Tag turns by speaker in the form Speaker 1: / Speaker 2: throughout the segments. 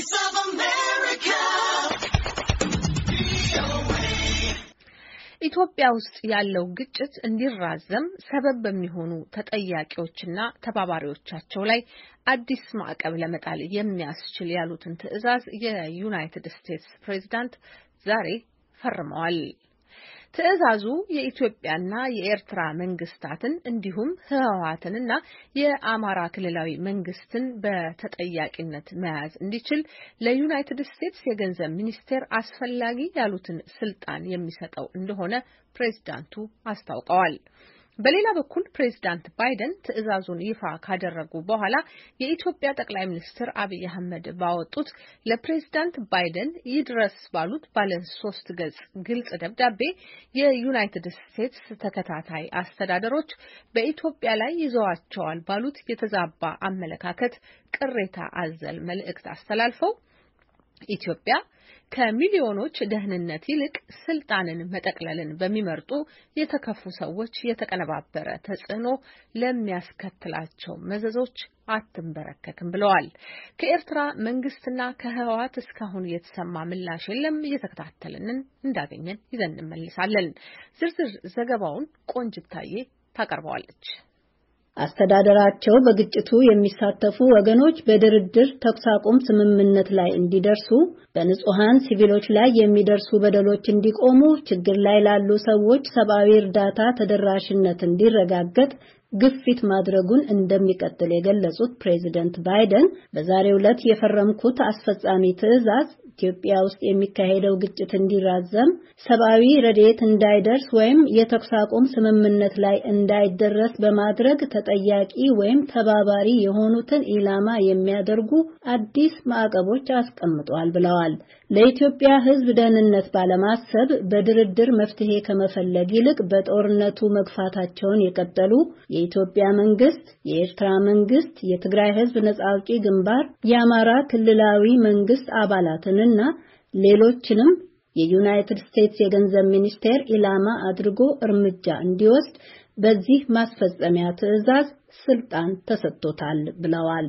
Speaker 1: Voice of America.
Speaker 2: ኢትዮጵያ ውስጥ ያለው ግጭት እንዲራዘም ሰበብ በሚሆኑ ተጠያቂዎችና ተባባሪዎቻቸው ላይ አዲስ ማዕቀብ ለመጣል የሚያስችል ያሉትን ትዕዛዝ የዩናይትድ ስቴትስ ፕሬዚዳንት ዛሬ ፈርመዋል። ትዕዛዙ የኢትዮጵያና የኤርትራ መንግስታትን እንዲሁም ህወሓትንና የአማራ ክልላዊ መንግስትን በተጠያቂነት መያዝ እንዲችል ለዩናይትድ ስቴትስ የገንዘብ ሚኒስቴር አስፈላጊ ያሉትን ስልጣን የሚሰጠው እንደሆነ ፕሬዚዳንቱ አስታውቀዋል። በሌላ በኩል ፕሬዝዳንት ባይደን ትዕዛዙን ይፋ ካደረጉ በኋላ የኢትዮጵያ ጠቅላይ ሚኒስትር አብይ አህመድ ባወጡት ለፕሬዝዳንት ባይደን ይድረስ ባሉት ባለ ሶስት ገጽ ግልጽ ደብዳቤ የዩናይትድ ስቴትስ ተከታታይ አስተዳደሮች በኢትዮጵያ ላይ ይዘዋቸዋል ባሉት የተዛባ አመለካከት ቅሬታ አዘል መልእክት አስተላልፈው ኢትዮጵያ ከሚሊዮኖች ደህንነት ይልቅ ስልጣንን መጠቅለልን በሚመርጡ የተከፉ ሰዎች የተቀነባበረ ተጽዕኖ ለሚያስከትላቸው መዘዞች አትንበረከክም ብለዋል። ከኤርትራ መንግስትና ከህወሓት እስካሁን የተሰማ ምላሽ የለም። እየተከታተልንን እንዳገኘን ይዘን እንመልሳለን። ዝርዝር ዘገባውን ቆንጅታዬ ታቀርበዋለች።
Speaker 1: አስተዳደራቸው በግጭቱ የሚሳተፉ ወገኖች በድርድር ተኩስ አቁም ስምምነት ላይ እንዲደርሱ፣ በንጹሐን ሲቪሎች ላይ የሚደርሱ በደሎች እንዲቆሙ፣ ችግር ላይ ላሉ ሰዎች ሰብአዊ እርዳታ ተደራሽነት እንዲረጋገጥ ግፊት ማድረጉን እንደሚቀጥል የገለጹት ፕሬዚደንት ባይደን በዛሬው ዕለት የፈረምኩት አስፈጻሚ ትዕዛዝ ኢትዮጵያ ውስጥ የሚካሄደው ግጭት እንዲራዘም፣ ሰብአዊ ረድኤት እንዳይደርስ ወይም የተኩስ አቁም ስምምነት ላይ እንዳይደረስ በማድረግ ተጠያቂ ወይም ተባባሪ የሆኑትን ኢላማ የሚያደርጉ አዲስ ማዕቀቦች አስቀምጧል ብለዋል። ለኢትዮጵያ ሕዝብ ደህንነት ባለማሰብ በድርድር መፍትሄ ከመፈለግ ይልቅ በጦርነቱ መግፋታቸውን የቀጠሉ የኢትዮጵያ መንግስት፣ የኤርትራ መንግስት፣ የትግራይ ሕዝብ ነጻ አውጪ ግንባር፣ የአማራ ክልላዊ መንግስት አባላትን እና ሌሎችንም የዩናይትድ ስቴትስ የገንዘብ ሚኒስቴር ኢላማ አድርጎ እርምጃ እንዲወስድ በዚህ ማስፈጸሚያ ትዕዛዝ ስልጣን ተሰጥቶታል ብለዋል።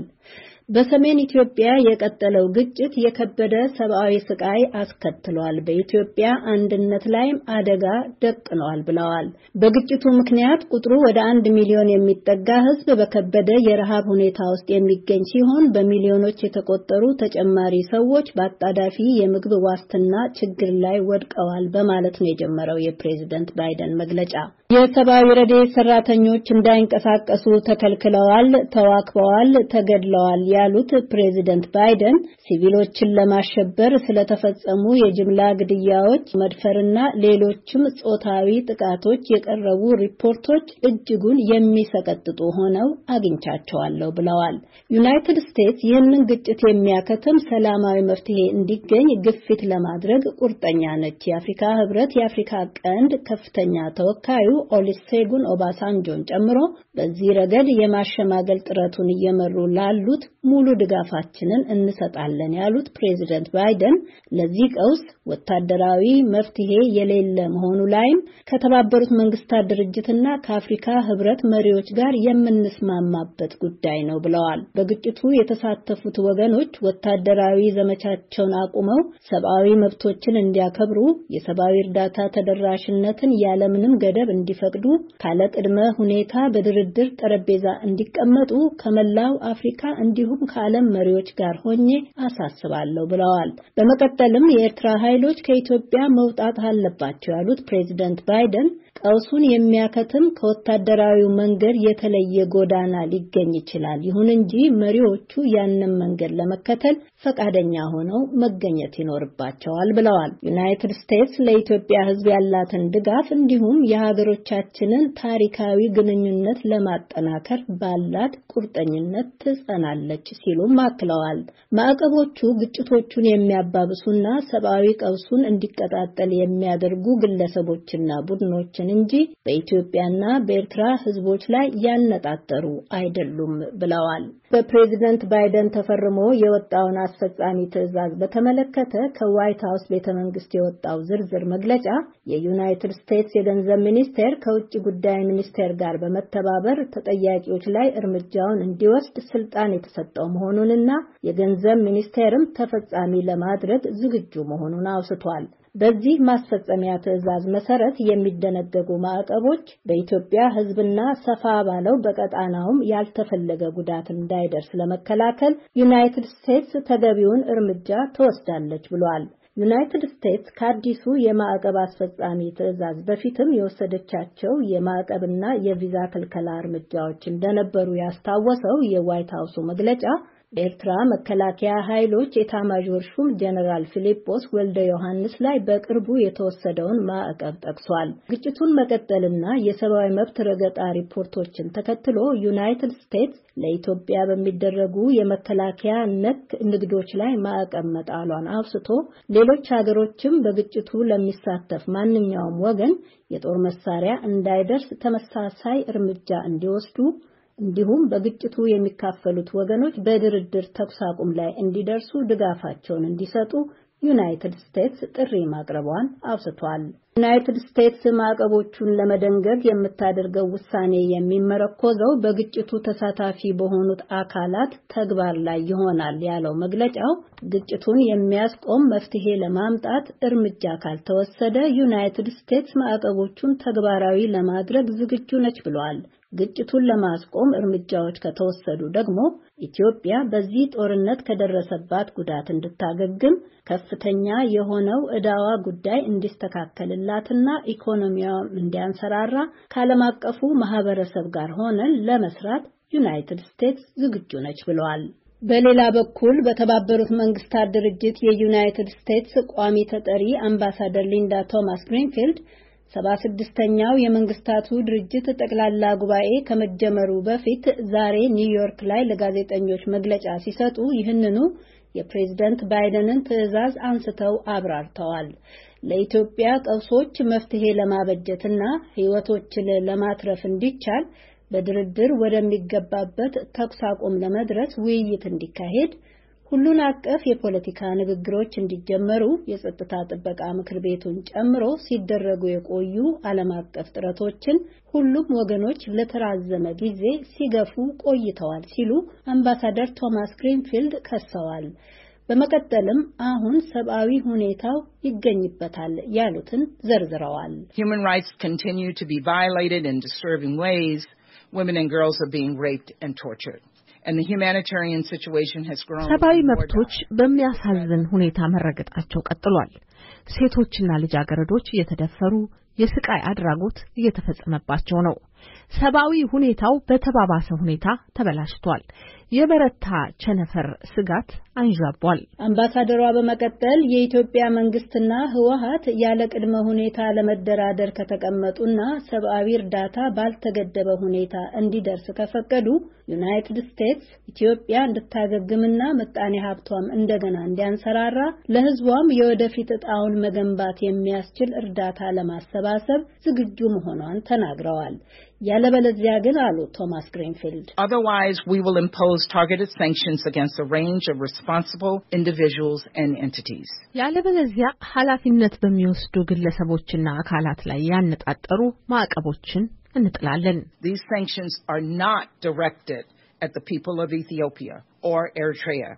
Speaker 1: በሰሜን ኢትዮጵያ የቀጠለው ግጭት የከበደ ሰብአዊ ስቃይ አስከትሏል፣ በኢትዮጵያ አንድነት ላይም አደጋ ደቅኗል ብለዋል። በግጭቱ ምክንያት ቁጥሩ ወደ አንድ ሚሊዮን የሚጠጋ ሕዝብ በከበደ የረሃብ ሁኔታ ውስጥ የሚገኝ ሲሆን በሚሊዮኖች የተቆጠሩ ተጨማሪ ሰዎች በአጣዳፊ የምግብ ዋስትና ችግር ላይ ወድቀዋል በማለት ነው የጀመረው የፕሬዝደንት ባይደን መግለጫ። የሰብአዊ ረድኤት ሰራተኞች እንዳይንቀሳቀሱ ተከልክለዋል፣ ተዋክበዋል፣ ተገድለዋል ያሉት ፕሬዚደንት ባይደን ሲቪሎችን ለማሸበር ስለተፈጸሙ የጅምላ ግድያዎች፣ መድፈርና ሌሎችም ጾታዊ ጥቃቶች የቀረቡ ሪፖርቶች እጅጉን የሚሰቀጥጡ ሆነው አግኝቻቸዋለሁ ብለዋል። ዩናይትድ ስቴትስ ይህንን ግጭት የሚያከትም ሰላማዊ መፍትሄ እንዲገኝ ግፊት ለማድረግ ቁርጠኛ ነች። የአፍሪካ ህብረት የአፍሪካ ቀንድ ከፍተኛ ተወካዩ ኦሊሴጉን ኦባሳንጆን ጨምሮ በዚህ ረገድ የማሸማገል ጥረቱን እየመሩ ላሉት ሙሉ ድጋፋችንን እንሰጣለን ያሉት ፕሬዚደንት ባይደን ለዚህ ቀውስ ወታደራዊ መፍትሄ የሌለ መሆኑ ላይም ከተባበሩት መንግስታት ድርጅትና ከአፍሪካ ህብረት መሪዎች ጋር የምንስማማበት ጉዳይ ነው ብለዋል። በግጭቱ የተሳተፉት ወገኖች ወታደራዊ ዘመቻቸውን አቁመው ሰብአዊ መብቶችን እንዲያከብሩ፣ የሰብአዊ እርዳታ ተደራሽነትን ያለምንም ገደብ እንዲ እንዲፈቅዱ ካለ ቅድመ ሁኔታ በድርድር ጠረጴዛ እንዲቀመጡ ከመላው አፍሪካ እንዲሁም ከዓለም መሪዎች ጋር ሆኜ አሳስባለሁ ብለዋል። በመቀጠልም የኤርትራ ኃይሎች ከኢትዮጵያ መውጣት አለባቸው ያሉት ፕሬዚደንት ባይደን ቀውሱን የሚያከትም ከወታደራዊው መንገድ የተለየ ጎዳና ሊገኝ ይችላል። ይሁን እንጂ መሪዎቹ ያንን መንገድ ለመከተል ፈቃደኛ ሆነው መገኘት ይኖርባቸዋል ብለዋል። ዩናይትድ ስቴትስ ለኢትዮጵያ ሕዝብ ያላትን ድጋፍ እንዲሁም የሀገሮች የህዝቦቻችንን ታሪካዊ ግንኙነት ለማጠናከር ባላት ቁርጠኝነት ትጸናለች ሲሉም አክለዋል። ማዕቀቦቹ ግጭቶቹን የሚያባብሱና ሰብአዊ ቀውሱን እንዲቀጣጠል የሚያደርጉ ግለሰቦችና ቡድኖችን እንጂ በኢትዮጵያና በኤርትራ ህዝቦች ላይ ያነጣጠሩ አይደሉም ብለዋል። በፕሬዚደንት ባይደን ተፈርሞ የወጣውን አስፈጻሚ ትዕዛዝ በተመለከተ ከዋይት ሀውስ ቤተ መንግስት የወጣው ዝርዝር መግለጫ የዩናይትድ ስቴትስ የገንዘብ ሚኒስቴር ሚኒስቴር ከውጭ ጉዳይ ሚኒስቴር ጋር በመተባበር ተጠያቂዎች ላይ እርምጃውን እንዲወስድ ስልጣን የተሰጠው መሆኑንና የገንዘብ ሚኒስቴርም ተፈጻሚ ለማድረግ ዝግጁ መሆኑን አውስቷል። በዚህ ማስፈጸሚያ ትዕዛዝ መሰረት የሚደነገጉ ማዕቀቦች በኢትዮጵያ ሕዝብና ሰፋ ባለው በቀጣናውም ያልተፈለገ ጉዳት እንዳይደርስ ለመከላከል ዩናይትድ ስቴትስ ተገቢውን እርምጃ ትወስዳለች ብሏል። ዩናይትድ ስቴትስ ከአዲሱ የማዕቀብ አስፈጻሚ ትዕዛዝ በፊትም የወሰደቻቸው የማዕቀብና የቪዛ ክልከላ እርምጃዎች እንደነበሩ ያስታወሰው የዋይት ሀውሱ መግለጫ ኤርትራ መከላከያ ኃይሎች የታማዦር ሹም ጀነራል ፊሊጶስ ወልደ ዮሐንስ ላይ በቅርቡ የተወሰደውን ማዕቀብ ጠቅሷል። ግጭቱን መቀጠልና የሰብአዊ መብት ረገጣ ሪፖርቶችን ተከትሎ ዩናይትድ ስቴትስ ለኢትዮጵያ በሚደረጉ የመከላከያ ነክ ንግዶች ላይ ማዕቀብ መጣሏን አውስቶ ሌሎች ሀገሮችም በግጭቱ ለሚሳተፍ ማንኛውም ወገን የጦር መሳሪያ እንዳይደርስ ተመሳሳይ እርምጃ እንዲወስዱ እንዲሁም በግጭቱ የሚካፈሉት ወገኖች በድርድር ተኩስ አቁም ላይ እንዲደርሱ ድጋፋቸውን እንዲሰጡ ዩናይትድ ስቴትስ ጥሪ ማቅረቧን አውስቷል። ዩናይትድ ስቴትስ ማዕቀቦቹን ለመደንገግ የምታደርገው ውሳኔ የሚመረኮዘው በግጭቱ ተሳታፊ በሆኑት አካላት ተግባር ላይ ይሆናል ያለው መግለጫው ግጭቱን የሚያስቆም መፍትሄ ለማምጣት እርምጃ ካልተወሰደ ዩናይትድ ስቴትስ ማዕቀቦቹን ተግባራዊ ለማድረግ ዝግጁ ነች ብሏል። ግጭቱን ለማስቆም እርምጃዎች ከተወሰዱ ደግሞ ኢትዮጵያ በዚህ ጦርነት ከደረሰባት ጉዳት እንድታገግም ከፍተኛ የሆነው ዕዳዋ ጉዳይ እንዲስተካከልላትና ኢኮኖሚያውም እንዲያንሰራራ ከዓለም አቀፉ ማህበረሰብ ጋር ሆነን ለመስራት ዩናይትድ ስቴትስ ዝግጁ ነች ብለዋል። በሌላ በኩል በተባበሩት መንግስታት ድርጅት የዩናይትድ ስቴትስ ቋሚ ተጠሪ አምባሳደር ሊንዳ ቶማስ ግሪንፊልድ ሰባ ስድስተኛው የመንግስታቱ ድርጅት ጠቅላላ ጉባኤ ከመጀመሩ በፊት ዛሬ ኒውዮርክ ላይ ለጋዜጠኞች መግለጫ ሲሰጡ ይህንኑ የፕሬዝደንት ባይደንን ትዕዛዝ አንስተው አብራርተዋል። ለኢትዮጵያ ቀውሶች መፍትሄ ለማበጀትና ሕይወቶችን ለማትረፍ እንዲቻል በድርድር ወደሚገባበት ተኩስ አቁም ለመድረስ ውይይት እንዲካሄድ ሁሉን አቀፍ የፖለቲካ ንግግሮች እንዲጀመሩ የጸጥታ ጥበቃ ምክር ቤቱን ጨምሮ ሲደረጉ የቆዩ ዓለም አቀፍ ጥረቶችን ሁሉም ወገኖች ለተራዘመ ጊዜ ሲገፉ ቆይተዋል ሲሉ አምባሳደር ቶማስ ግሪንፊልድ ከሰዋል። በመቀጠልም አሁን ሰብአዊ ሁኔታው ይገኝበታል ያሉትን ዘርዝረዋል።
Speaker 2: Human rights continue to be violated in disturbing ways. Women and girls are being raped and tortured. ሰብአዊ መብቶች በሚያሳዝን ሁኔታ መረገጣቸው ቀጥሏል። ሴቶችና ልጃገረዶች እየተደፈሩ የስቃይ አድራጎት እየተፈጸመባቸው ነው። ሰብአዊ ሁኔታው በተባባሰ ሁኔታ ተበላሽቷል። የበረታ ቸነፈር ስጋት አንዣቧል።
Speaker 1: አምባሳደሯ በመቀጠል የኢትዮጵያ መንግስትና ህወሀት ያለ ቅድመ ሁኔታ ለመደራደር ከተቀመጡና ሰብአዊ እርዳታ ባልተገደበ ሁኔታ እንዲደርስ ከፈቀዱ ዩናይትድ ስቴትስ ኢትዮጵያ እንድታገግምና ምጣኔ ሀብቷም እንደገና እንዲያንሰራራ ለህዝቧም የወደፊት እጣውን መገንባት የሚያስችል እርዳታ ለማሰባሰብ ዝግጁ መሆኗን ተናግረዋል። ያለበለዚያ ግን አሉ ቶማስ ግሪንፊልድ
Speaker 2: otherwise we will impose targeted sanctions against a range of responsible individuals and entities ያለበለዚያ ኃላፊነት በሚወስዱ ግለሰቦችና አካላት ላይ ያነጣጠሩ ማዕቀቦችን እንጥላለን these sanctions are not directed at the people of Ethiopia or Eritrea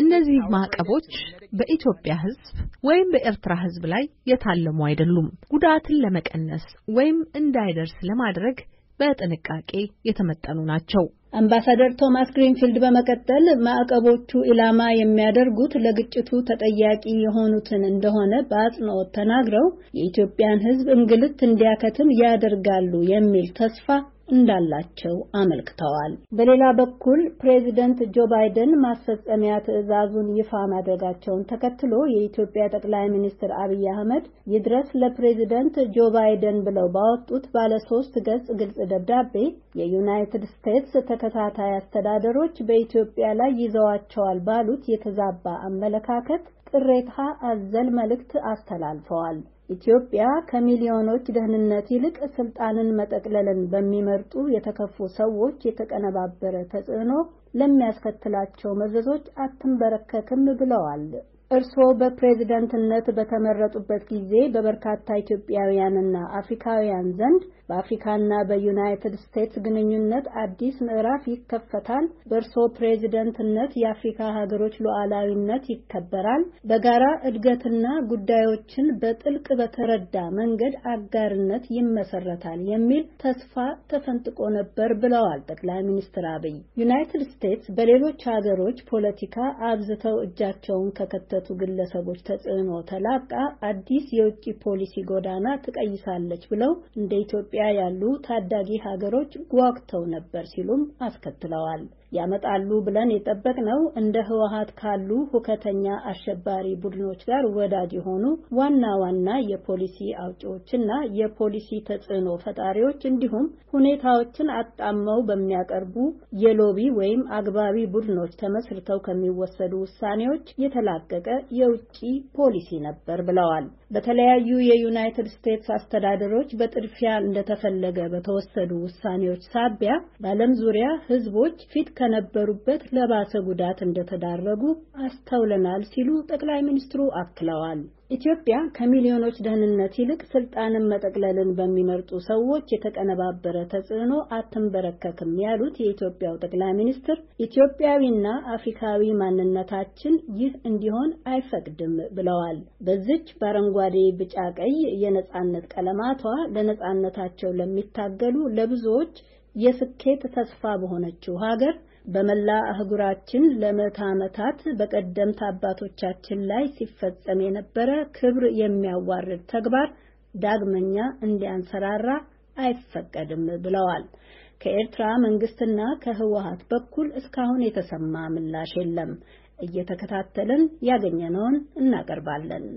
Speaker 2: እነዚህ ማዕቀቦች በኢትዮጵያ ሕዝብ ወይም በኤርትራ ሕዝብ ላይ የታለሙ አይደሉም። ጉዳትን ለመቀነስ ወይም እንዳይደርስ ለማድረግ በጥንቃቄ የተመጠኑ ናቸው።
Speaker 1: አምባሳደር ቶማስ ግሪንፊልድ በመቀጠል ማዕቀቦቹ ኢላማ የሚያደርጉት ለግጭቱ ተጠያቂ የሆኑትን እንደሆነ በአጽንኦት ተናግረው የኢትዮጵያን ሕዝብ እንግልት እንዲያከትም ያደርጋሉ የሚል ተስፋ እንዳላቸው አመልክተዋል። በሌላ በኩል ፕሬዚደንት ጆ ባይደን ማስፈጸሚያ ትዕዛዙን ይፋ ማድረጋቸውን ተከትሎ የኢትዮጵያ ጠቅላይ ሚኒስትር አብይ አህመድ ይድረስ ለፕሬዚደንት ጆ ባይደን ብለው ባወጡት ባለ ሶስት ገጽ ግልጽ ደብዳቤ የዩናይትድ ስቴትስ ተከታታይ አስተዳደሮች በኢትዮጵያ ላይ ይዘዋቸዋል ባሉት የተዛባ አመለካከት ቅሬታ አዘል መልእክት አስተላልፈዋል። ኢትዮጵያ ከሚሊዮኖች ደህንነት ይልቅ ስልጣንን መጠቅለልን በሚመርጡ የተከፉ ሰዎች የተቀነባበረ ተጽዕኖ ለሚያስከትላቸው መዘዞች አትንበረከክም ብለዋል። እርስዎ በፕሬዝደንትነት በተመረጡበት ጊዜ በበርካታ ኢትዮጵያውያንና አፍሪካውያን ዘንድ በአፍሪካና በዩናይትድ ስቴትስ ግንኙነት አዲስ ምዕራፍ ይከፈታል። በእርሶ ፕሬዚደንትነት የአፍሪካ ሀገሮች ሉዓላዊነት ይከበራል። በጋራ እድገትና ጉዳዮችን በጥልቅ በተረዳ መንገድ አጋርነት ይመሰረታል የሚል ተስፋ ተፈንጥቆ ነበር ብለዋል ጠቅላይ ሚኒስትር አብይ። ዩናይትድ ስቴትስ በሌሎች ሀገሮች ፖለቲካ አብዝተው እጃቸውን ከከተቱ ግለሰቦች ተጽዕኖ ተላቃ አዲስ የውጭ ፖሊሲ ጎዳና ትቀይሳለች ብለው እንደ ኢትዮጵያ ኢትዮጵያ ያሉ ታዳጊ ሀገሮች ጓግተው ነበር ሲሉም አስከትለዋል። ያመጣሉ ብለን የጠበቅነው እንደ ህወሀት ካሉ ሁከተኛ አሸባሪ ቡድኖች ጋር ወዳጅ የሆኑ ዋና ዋና የፖሊሲ አውጪዎችና የፖሊሲ ተጽዕኖ ፈጣሪዎች እንዲሁም ሁኔታዎችን አጣመው በሚያቀርቡ የሎቢ ወይም አግባቢ ቡድኖች ተመስርተው ከሚወሰዱ ውሳኔዎች የተላቀቀ የውጭ ፖሊሲ ነበር ብለዋል። በተለያዩ የዩናይትድ ስቴትስ አስተዳደሮች በጥድፊያ እንደተፈለገ በተወሰዱ ውሳኔዎች ሳቢያ በዓለም ዙሪያ ህዝቦች ፊት ከነበሩበት ለባሰ ጉዳት እንደተዳረጉ አስተውለናል ሲሉ ጠቅላይ ሚኒስትሩ አክለዋል። ኢትዮጵያ ከሚሊዮኖች ደህንነት ይልቅ ስልጣንን መጠቅለልን በሚመርጡ ሰዎች የተቀነባበረ ተጽዕኖ አትንበረከክም ያሉት የኢትዮጵያው ጠቅላይ ሚኒስትር ኢትዮጵያዊና አፍሪካዊ ማንነታችን ይህ እንዲሆን አይፈቅድም ብለዋል። በዚች በአረንጓዴ ቢጫ፣ ቀይ የነጻነት ቀለማቷ ለነጻነታቸው ለሚታገሉ ለብዙዎች የስኬት ተስፋ በሆነችው ሀገር በመላ አህጉራችን ለመታመታት ዓመታት በቀደምት አባቶቻችን ላይ ሲፈጸም የነበረ ክብር የሚያዋርድ ተግባር ዳግመኛ እንዲያንሰራራ አይፈቀድም ብለዋል። ከኤርትራ መንግስትና ከህወሀት በኩል እስካሁን የተሰማ ምላሽ የለም። እየተከታተልን ያገኘነውን እናቀርባለን።